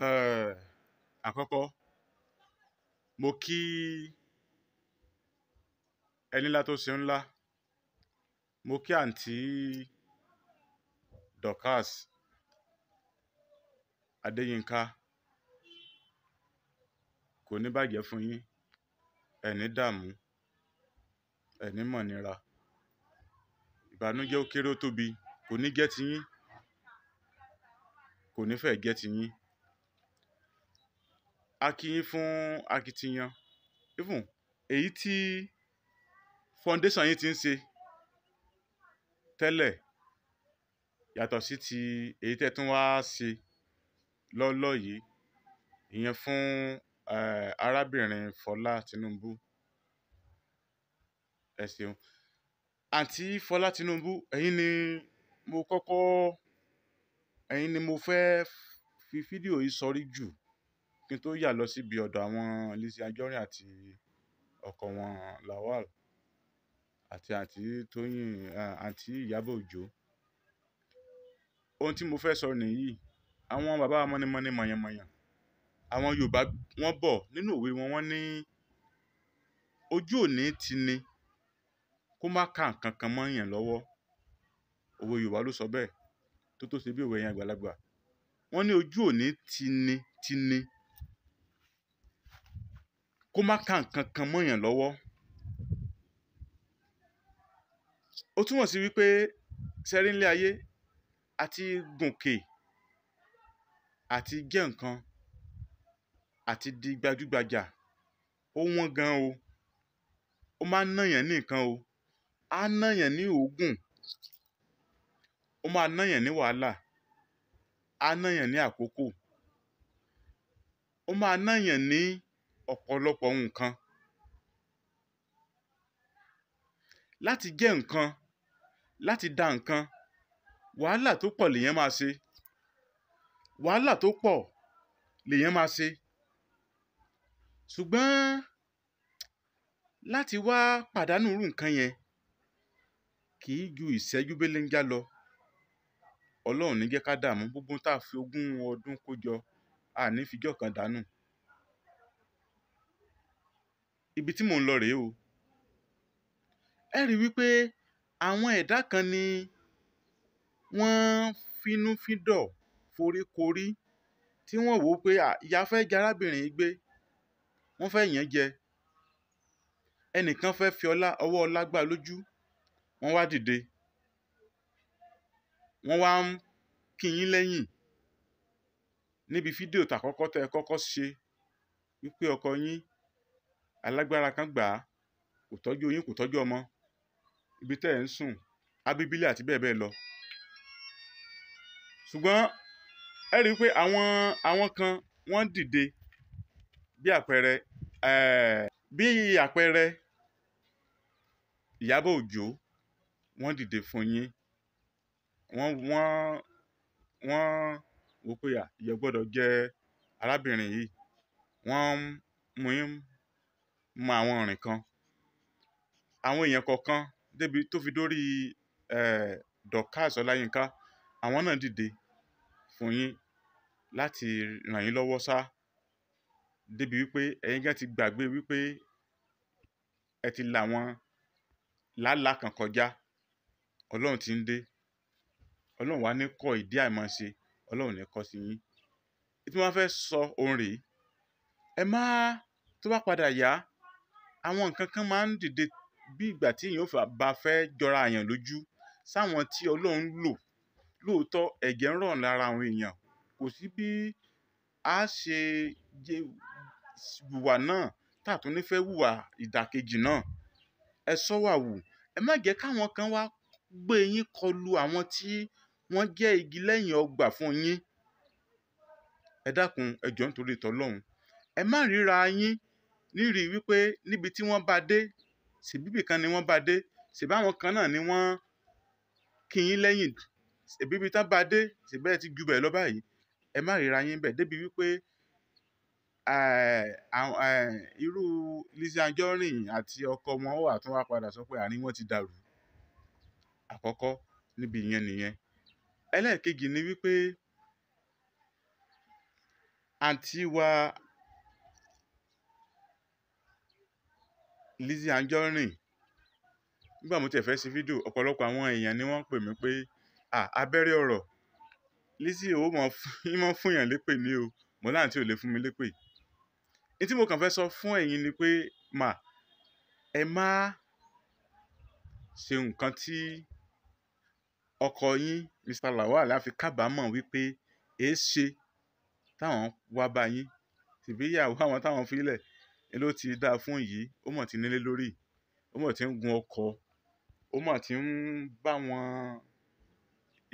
um àkọ́kọ́ mo kí ẹni ńlá tó ṣeun ńlá mo kí àǹtí Dorcas Adéyínká kò ní bàjẹ́ fún yín ẹ̀ní dààmú ẹ̀ní mọ̀nira ìbànújẹ́ ó kéré ó tóbi kò ní jẹ́ tiyín kò ní fẹ́ jẹ́ tiyín a kí yín fún akitiyan even èyí tí foundation yín ti ń ṣe tẹ́lẹ̀ yàtọ̀ sí ti èyí tẹ́ tún wá ṣe lọ́lọ́ yìí ìyẹn fún eh, arábìnrin Fọlá Tinubu ẹ ṣeun àǹtí Fọlá Tinubu ẹ̀yin ni mo kọ́kọ́ ẹ̀yin ni mo fẹ́ fi fídíò yìí sọrí jù kí n tó yà lọ síbi ọ̀dọ̀ àwọn Lizzy Anjorin àti ọkọ wọn Lawal àti àǹtí Tóyìn àǹtí Ìyábọ̀ Òjó ohun tí mo fẹ́ sọ nìyí àwọn bàbá mọ́nimọ́ni mọ̀yànmọ̀yàn àwọn Yorùbá wọ́n bọ̀ nínú òwe wọn wọ́n ní ojú òní ti ni kó má ka nǹkan kan mọ́ yàn lọ́wọ́ òwe Yorùbá ló sọ bẹ́ẹ̀ tó tó ṣe bí òwe yẹn àgbàlagbà wọ́n ní ojú òní ti ni ti ni kó má ka nǹkan kan mọ́yàn lọ́wọ́. Ó túmọ̀ sí wípé ṣẹ́rí nílé ayé àti gùnkè àti jẹ́ nǹkan àti di gbajúgbajà ó wọ́n gan o. Ó máa ń náyàn ní nǹkan o. Á náyàn ní òógùn. Ó máa náyàn ní wàhálà. Á náyàn ní àkókò. Ó máa náyàn ní ọ̀pọ̀lọpọ̀ nǹkan. Láti jẹ́ nǹkan, láti da nǹkan, wàhálà tó pọ̀ lèèyàn máa ṣe. Wàhálà tó pọ̀ lèèyàn máa ṣe. Ṣùgbọ́n láti wá pàdánù irú nǹkan yẹn kì í ju ìṣẹ́jú béléńjá lọ. Ọlọ́run ò ní jẹ́ ká dààmú, gbogbo ohun tá a fi ogún ọdún kó jọ, a à ní fijọ́ ibi tí mò ń lọ rèé o ẹ rí wípé àwọn ẹ̀dá kan ni wọ́n finúfíndọ̀ foríkorí tí wọ́n wò ó pé ìyà fẹ́ jẹ arábìnrin yìí gbé wọ́n fẹ́ yàn án jẹ ẹnìkan fẹ́ fi ọlá ọwọ́ ọlá gbà lójú wọ́n wá dìde wọ́n wá ń kí yín lẹ́yìn níbi fídíò tàkọ́kọ́ tẹ́ ẹ kọ́kọ́ ṣe wípé ọkọ yín alágbára kan gbà á kò tọ́jú oyún kò tọ́jú ọmọ ibi tẹ́ ẹ̀ ń sùn abíbílẹ̀ àti bẹ́ẹ̀ bẹ́ẹ̀ lọ. ṣùgbọ́n ẹ rí i pé àwọn àwọn kan wọ́n dìde bí àpẹẹrẹ eh, bí àpẹẹrẹ Ìyábọ̀ Òjó wọ́n dìde fún yín wọ́n wọ́n wọ́n wò pé ìyẹn gbọ́dọ̀ jẹ́ arábìnrin yìí wọ́n mú yín mọ àwọn ìrìn kan àwọn èèyàn kọ̀ọ̀kan débi tó fi dórí Dorcas Ọláyínká àwọn náà dìde fún yín láti ràn yín lọ́wọ́ sá débi wípé ẹ̀yin gan ti gbàgbé wípé ẹ ti là wọn làálàá kan kọjá ọlọ́run ti ń dé ọlọ́run wá ní kọ́ ìdí àìmọ̀ṣe ọlọ́run ní kọ́ sí yín tí fẹ́ sọ ohun rèé ẹ má tó bá padà yá àwọn nǹkan kan máa ń dìde bí ìgbà tí èèyàn ò bá fẹ́ jọra àyàn lójú sáwọn tí Ọlọ́run lò lóòótọ́ ẹ̀jẹ̀ ń rọ̀ lára àwọn èèyàn kò sí bí a ṣe wùwà náà tààtún nífẹ̀ẹ́ wùwà ìdàkejì náà ẹ sọ́wà wù ẹ má jẹ́ káwọn kan wá gbé yín kọlu àwọn tí wọ́n jẹ́ igi lẹ́yìn ọgbà fún yín ẹ dákun ẹ jọ̀ọ́ nítorí tọlọ́run ẹ má ríra yín nírìí wípé níbi tí wọ́n bá dé ṣèbíbì kan ni wọ́n bá dé ṣèbí àwọn kan náà ni wọ́n kì í lẹ́yìn ṣèbíbì tán bá dé ṣèbẹ́ ti ju bẹ̀ lọ báyìí ẹ má ríra yín bẹ̀ débi wípé eh, eh, irú Lizzy Anjorin àti ọkọ wọn ó àtún wá padà sọ pé àárín wọn ti dàrú àkọ́kọ́ níbi ìyẹn nìyẹn ẹlẹ́ẹ̀kejì ni wípé àǹtí wa Lizzie Anjorin nígbà mo tiẹ̀ fẹ́ ṣe fídíò ọ̀pọ̀lọpọ̀ àwọn èèyàn ni wọ́n ń pè mí pé à abẹ́rẹ́ ọ̀rọ̀ Lizzy ò mọ̀ mọ̀ fún èèyàn lépè ní o mo láǹtí ò lè fún mi lépè ní tí mo kàn fẹ́ sọ fún ẹ̀yin ni pé mà ẹ má ṣe nǹkan tí ọkọ yín Mr. Lawal á fi kábàámọ̀ wípé èé ṣe táwọn wá bá yín tìbí ìyàwó àwọn táwọn fi lẹ̀ ló ti dáa fún yìí ó mọ̀ ti nílé lórí ó mọ̀ ti ń gun ọkọ̀ ó mọ̀ ti ń bá wọn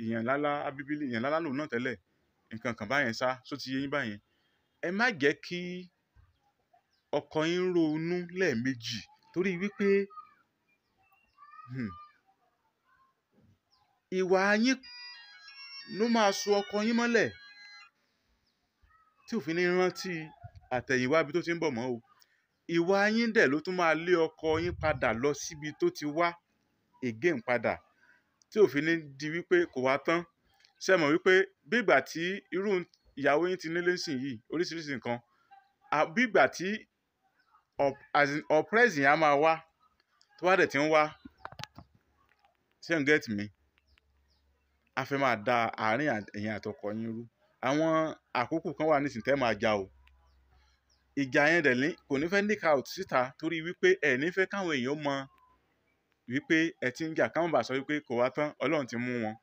èèyàn lálá abíbílì èèyàn lálá lòun náà tẹ́lẹ̀ nǹkan kan báyẹn sá só ti yé yín báyẹn ẹ má jẹ́ kí ọkọ yín ronú lẹ́ẹ̀mejì torí wípé hmm, ìwà yín ló máa so ọkọ yín mọ́lẹ̀ tí òfin ní rántí àtẹ̀yìnwá ibi tó ti ń bọ̀ mọ́ o ìwà yín dẹ̀ ló tún máa lé ọkọ yín padà lọ síbi tó ti wá again padà tí òfin ní di wípé kò wá tán ṣe mọ̀ wípé bí ìgbà tí irú ìyàwó yín ti nílé sìn yìí oríṣiríṣi nǹkan bí tí ọ̀pẹ́sì yẹn á máa wá tó bá dẹ̀ ti ń wá ṣé mi a fẹ́ máa da àárín ẹ̀yin àtọkọ yín rú àwọn àkókò kan wà nísìnyí tẹ́ máa jà o ìjà yẹn dẹ̀ ní kò ní fẹ́ leak out síta torí wípé ẹ̀ ní fẹ́ káwọn èèyàn mọ wípé ẹ ti ń jà káwọn bá sọ wípé kò wá tán ọlọ́run ti mú wọn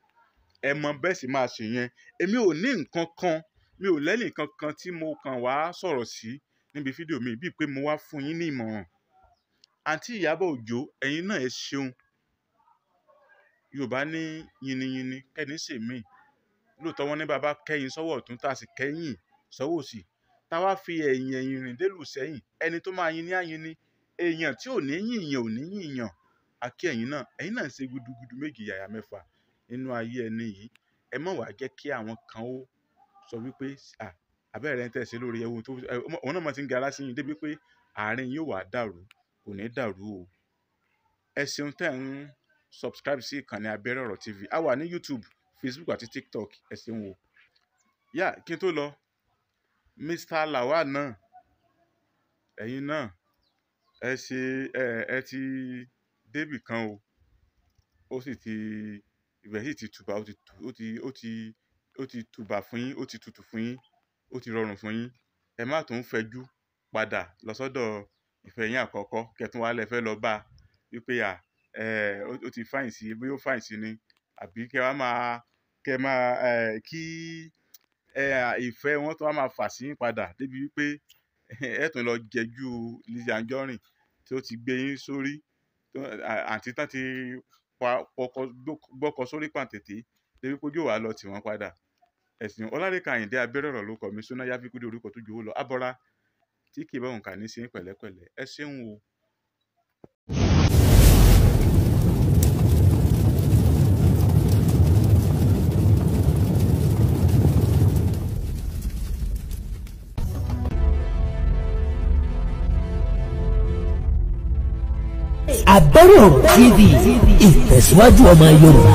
ẹ mọ bẹ́ẹ̀ sì máa ṣe yẹn èmi ò ní nǹkan kan mi ò lẹ́nì kankan tí mo kàn wá sọ̀rọ̀ sí níbi fídíò mi bíi pé mo wá fún yín ní ìmọ̀ràn àǹtí Ìyábọ̀ Òjó ẹ̀yin náà ẹ ṣeun Yorùbá ní yiniyini kẹ́ni sèmi lóòótọ́ wọn ní bàbá kẹ́yìn sọ́wọ́ ọ̀tún tá a sì kẹ́yìn sọ́wọ́ òsì táwa fi ẹ̀yìn ẹ̀yìn rìn délù sẹ́yìn ẹni tó máa yin ní àyin ni èèyàn tí ò ní yìnyàn ò ní yìnyàn àkí ẹ̀yin náà ẹ̀yin náà ń ṣe gudugudu méjì yàyà mẹ́fà nínú ayé ẹni yìí ẹ mọ̀ wá jẹ́ kí àwọn kan ó sọ wípé àbẹ́rẹ́ ń tẹ̀sí lórí ẹ̀wọ̀n tó òun náà mọ̀ ti ń gara sí yín débi pé àárín yóò wá dàrú kò ní dàrú o ẹ ṣeun tẹ́ ń subscribe sí ìkànnì abẹ́rẹ́ ọ̀rọ̀ tv a ní youtube facebook àti tiktok ẹ ṣeun o yá kí n tó lọ Mr. Lawal náà ẹ̀yin náà ẹ ṣe ẹ ẹ ti débì kan o. Ó sì ti, ibẹ̀ sì ti tùbà, ó ti, ó ti, ó ti, ó ti tùbà fún yín, ó ti tutù fún yín, ó ti rọrùn fún yín. Ẹ má tún fẹjú padà lọ sọ́dọ̀ ìfẹ́ yín àkọ́kọ́ kí ẹ tún wá lẹ fẹ́ lọ bá wípé à, ẹ, ó ti fàyìn sí, bí ó fàyìn sí ni. Àbí kí ẹ wá máa, kí máa, ẹ, kí ìfẹ́ wọn tó wá máa fà sí yín padà débi wípé ẹ tún lọ jẹjú Lizzy Anjorin tí ó ti gbé yín sórí àǹtí tán ti gbọ́kọ sórí pàǹtẹ̀tẹ̀ débi pé yóò wá lọ tì wọ́n padà ẹ̀sìn Ọlárẹ̀ká Àyìndé abẹ́rẹ́rọ̀ ló kọ mi sóná yábíkú dé orúkọ tó jowó lọ abọ́ra tí kì í bá òǹkà ní sí pẹ̀lẹ́pẹ̀lẹ́ ẹ ṣeun o. Abẹ́rẹ́ ọ̀rọ̀ TV ìtẹ̀síwájú ọmọ Yorùbá.